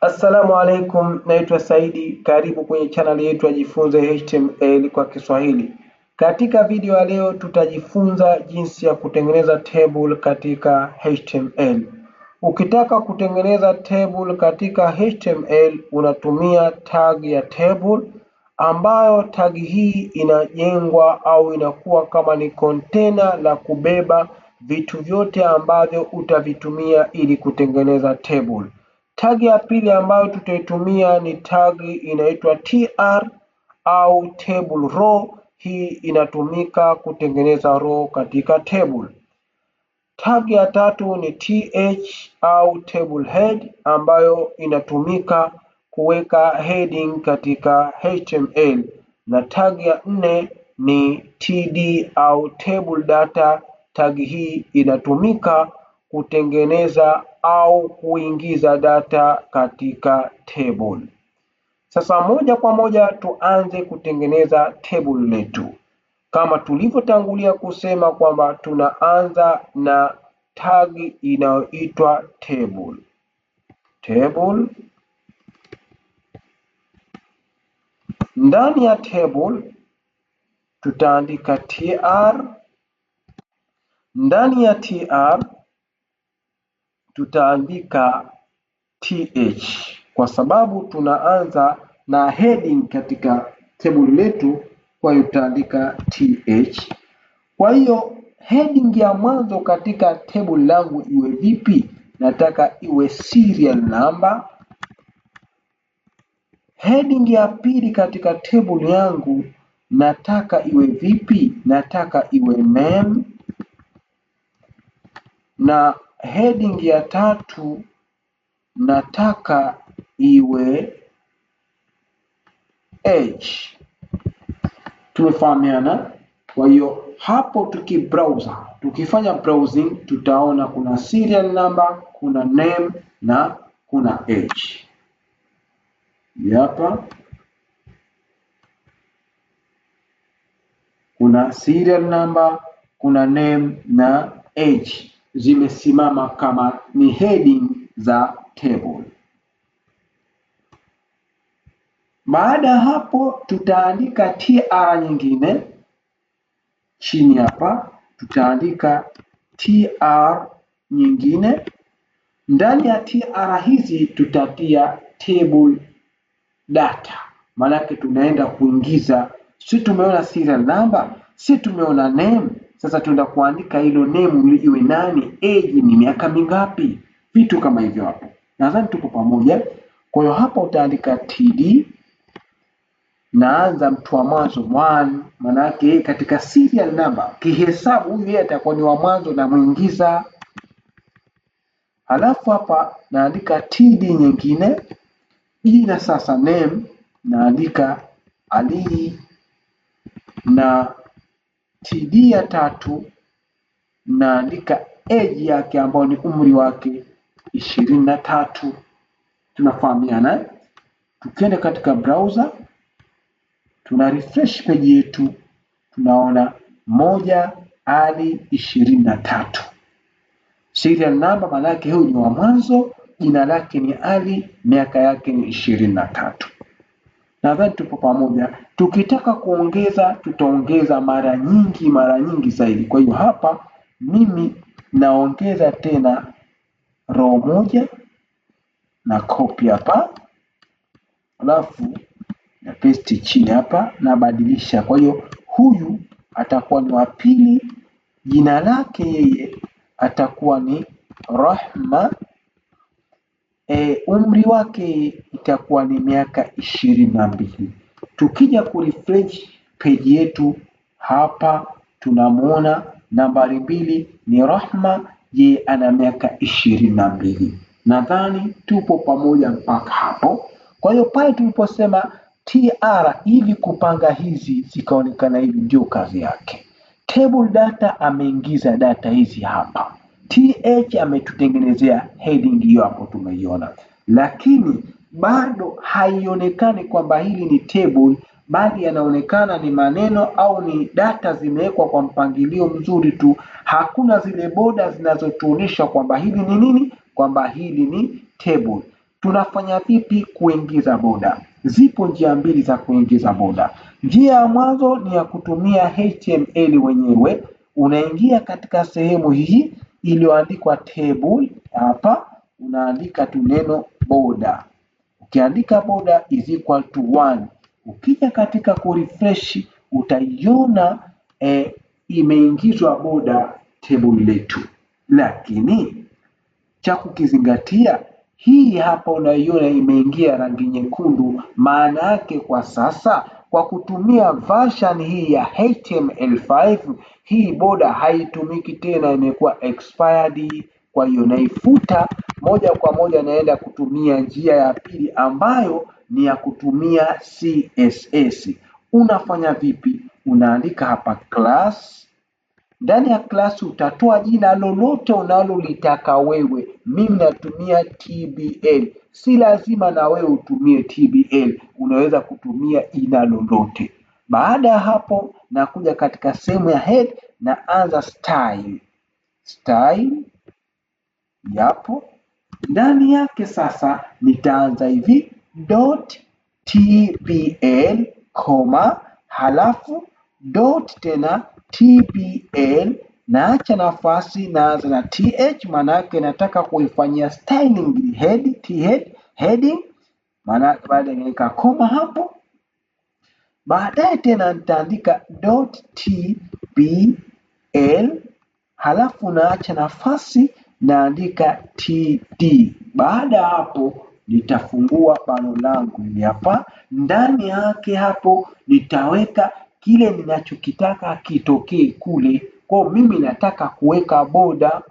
Assalamu alaikum, naitwa Saidi. Karibu kwenye channel yetu Ajifunze HTML kwa Kiswahili. Katika video ya leo tutajifunza jinsi ya kutengeneza table katika HTML. Ukitaka kutengeneza table katika HTML unatumia tag ya table ambayo tag hii inajengwa au inakuwa kama ni container la kubeba vitu vyote ambavyo utavitumia ili kutengeneza table. Tagi ya pili ambayo tutaitumia ni tagi inaitwa tr au table row. Hii inatumika kutengeneza row katika table. Tagi ya tatu ni th au table head ambayo inatumika kuweka heading katika HTML, na tagi ya nne ni td au table data. Tagi hii inatumika kutengeneza au kuingiza data katika table. Sasa moja kwa moja tuanze kutengeneza table letu, kama tulivyotangulia kusema kwamba tunaanza na tag inayoitwa table. Table ndani ya table tutaandika tr, ndani ya tr tutaandika th kwa sababu tunaanza na heading katika table letu, kwa hiyo tutaandika th. Kwa hiyo heading ya mwanzo katika table langu iwe vipi? Nataka iwe serial number. Heading ya pili katika table yangu nataka iwe vipi? Nataka iwe name na Heading ya tatu nataka iwe H. Tumefahamiana? Kwa hiyo hapo tuki browser, tukifanya browsing tutaona kuna serial number, kuna name na kuna H. Hapa kuna serial number, kuna name na H zimesimama kama ni heading za table. Baada ya hapo, tutaandika tr nyingine chini hapa, tutaandika tr nyingine. Ndani ya tr hizi tutatia table data, maanake tunaenda kuingiza, si tumeona serial number, si tumeona name sasa tuenda kuandika hilo nemu liwe nani, age ni miaka mingapi, vitu kama hivyo hapo. Nadhani tuko pamoja. Kwa hiyo hapa utaandika td, naanza mtu wa mwanzo one, maana yake katika serial number kihesabu, huyu yeye atakuwa ni wa mwanzo, namwingiza. Halafu hapa naandika td nyingine, jina sasa name, naandika Ali na TD ya tatu naandika age yake ambayo ni umri wake ishirini na tatu. Tunafahamiana Tukienda katika browser tuna refresh page yetu, tunaona moja hadi ishirini na tatu. Serial number maana yake huyu ni wa mwanzo, jina lake ni Ali, miaka yake ni ishirini na tatu. Nadhani tupo pamoja. Tukitaka kuongeza, tutaongeza mara nyingi, mara nyingi zaidi. Kwa hiyo hapa mimi naongeza tena row moja na copy hapa, alafu na paste chini hapa, nabadilisha. Kwa hiyo huyu atakuwa ni wa pili, jina lake yeye atakuwa ni Rahma e, umri wake itakuwa ni miaka ishirini na mbili. Tukija kurefresh peji yetu hapa, tunamwona nambari mbili ni Rahma, ye ana miaka ishirini na mbili. Nadhani tupo pamoja mpaka hapo. Kwa hiyo pale tuliposema TR hivi kupanga hizi zikaonekana hivi, ndio kazi yake. Table data ameingiza data hizi hapa TH ametutengenezea heading hiyo hapo tumeiona, lakini bado haionekani kwamba hili ni table, bali yanaonekana ni maneno au ni data zimewekwa kwa mpangilio mzuri tu. Hakuna zile boda zinazotuonyesha kwamba hili ni nini, kwamba hili ni table. Tunafanya vipi kuingiza boda? Zipo njia mbili za kuingiza boda. Njia ya mwanzo ni ya kutumia HTML wenyewe. Unaingia katika sehemu hii iliyoandikwa table hapa unaandika tu neno boda. Ukiandika boda is equal to one, ukija katika kurefresh utaiona eh, imeingizwa boda table letu, lakini cha kukizingatia hii hapa unaiona imeingia rangi nyekundu, maana yake kwa sasa kwa kutumia version hii ya HTML5 hii boda haitumiki tena, imekuwa expired. Kwa hiyo naifuta moja kwa moja, naenda kutumia njia ya pili ambayo ni ya kutumia CSS. Unafanya vipi? Unaandika hapa class ndani ya klasi utatoa jina lolote unalolitaka wewe. Mimi natumia TBL. Si lazima na wewe utumie TBL, unaweza kutumia jina lolote. Baada ya hapo, nakuja katika sehemu ya head na anza style. Style yapo ndani yake. Sasa nitaanza hivi dot tbl, halafu dot tena tpl naacha nafasi naanza na th, maana yake nataka kuifanyia styling head, th, heading maana baada nikaweka koma hapo, baadaye tena nitaandika dot tbl, halafu naacha nafasi naandika td. Baada ya hapo nitafungua pano langu hapa, ndani yake hapo nitaweka kile ninachokitaka kitokee kule. Kwa mimi nataka kuweka boda,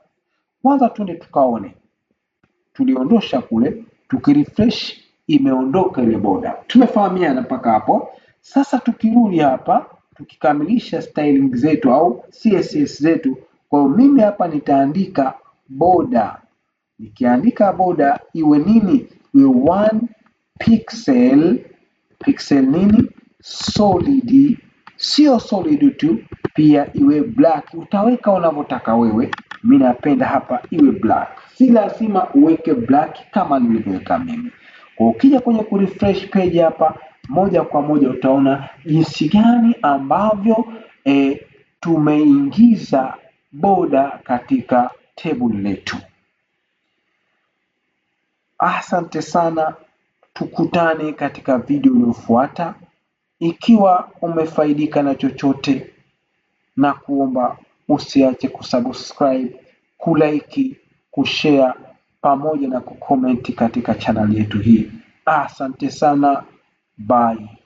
kwanza tuende tukaone. Tuliondosha kule, tukirefresh imeondoka ile boda. Tumefahamiana mpaka hapo. Sasa tukirudi hapa, tukikamilisha styling zetu au CSS zetu, kwa mimi hapa nitaandika boda. Nikiandika boda iwe nini? Iwe one pixel pixel nini solid sio solid tu, pia iwe black. Utaweka unavyotaka wewe, mi napenda hapa iwe black, si lazima uweke black kama nilivyoweka mimi. Kwa ukija kwenye kurefresh page hapa, moja kwa moja utaona jinsi gani ambavyo e, tumeingiza boda katika table letu. Asante sana, tukutane katika video inayofuata. Ikiwa umefaidika na chochote na kuomba usiache kusubscribe, kulike, kushare pamoja na kukomenti katika channel yetu hii. Asante sana, bye.